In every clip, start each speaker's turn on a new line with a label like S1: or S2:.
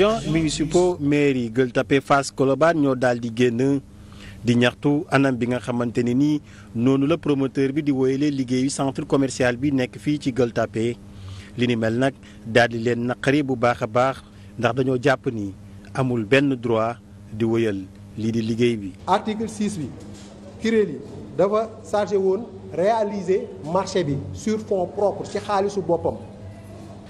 S1: agents municipaux maire yi Gueule Tapée Fass Colobane ñoo daal di génn di ñaxtu anam bi nga xamante ne nii noonu la promoteur bi di woyalee liggéeyu centre commercial bi nekk fii ci Gueule li ni mel nag daal di leen naqari bu baax a baax ndax dañoo jàpp ni amul benn droit di woyal lii di liggéey bi. article 6 bi
S2: kuréel dafa chargé woon réaliser marché bi sur fonds propres ci xaalisu boppam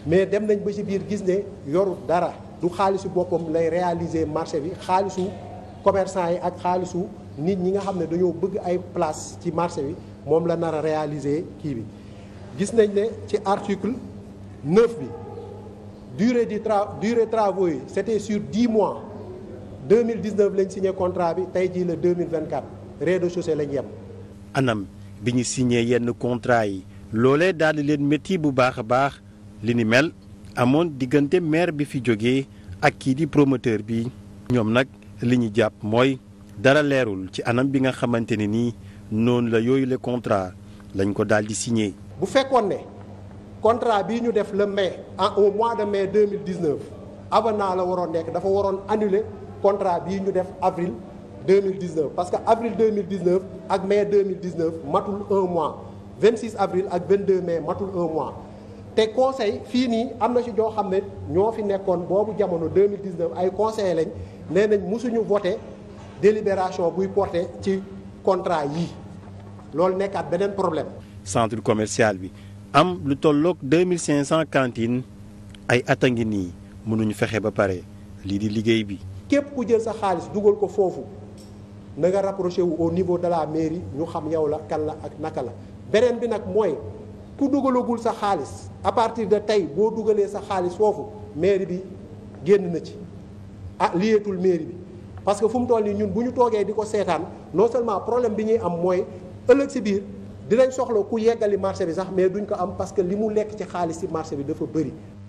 S2: mais dem nañ ba ci biir gis ne yorut dara. du xaalisu boppam lay réaliser marché bi xaalisu commerçant yi ak xaalisu nit ñi nga xam ne dañoo bëgg ay place ci marché bi moom la nar a réaliser kii bi gis nañ ne ci article 9 bi durée du tra durée travaux yi c'était sur 10 mois 2019 lañ signé contrat bi tey jii la 2024 rez-de-chaussée lañ yem.
S1: anam bi ñu signé yenn contrat yi loole daal di leen métti bu baax a baax li ni mel amoon diggante maire bi fi jógee. ak kii di promoteur bi ñoom nag li ñu jàpp mooy dara leerul ci anam bi nga xamante ni nii noonu la yooyu le contrat lañ ko daal di signé.
S2: bu fekkoon ne contrat bii ñu def le mai en au mois de mai 2019 avenant la waroon nekk dafa waroon annuler contrat bii ñu def avril 2019 parce que avril 2019 ak mai 2019 matul un mois 26 avril ak 22 mai matul un mois. te conseil fii nii am na ci joo xam ne ñoo fi nekkoon boobu jamono 2019 ay conseil lañ nee nañ musuñu voté délibération buy porté ci contrat yi loolu nekkaat beneen problème.
S1: centre commercial bi am lu tolloog 2500 cantines ay at a ngi nii mënuñu fexe ba pare lii di liggéey bi.
S2: képp ku jël sa xaalis dugal ko foofu na nga rapproché wu au niveau de la mairie ñu xam yow la kan la ak naka la beneen bi nag mooy. ku dugalagul sa xaalis à partir de tey boo dugalee sa xaalis foofu mairie bi génn na ci ah liyeetul mairie bi parce que fu mu toll yi ñun bu ñu toogee di ko seetaan non seulement problème bi ñuy am mooy ëllëg si biir dinañ soxla ku yeggali marché bi sax mais duñ ko am parce que li mu lekk ci xaalis ci marché bi dafa bëri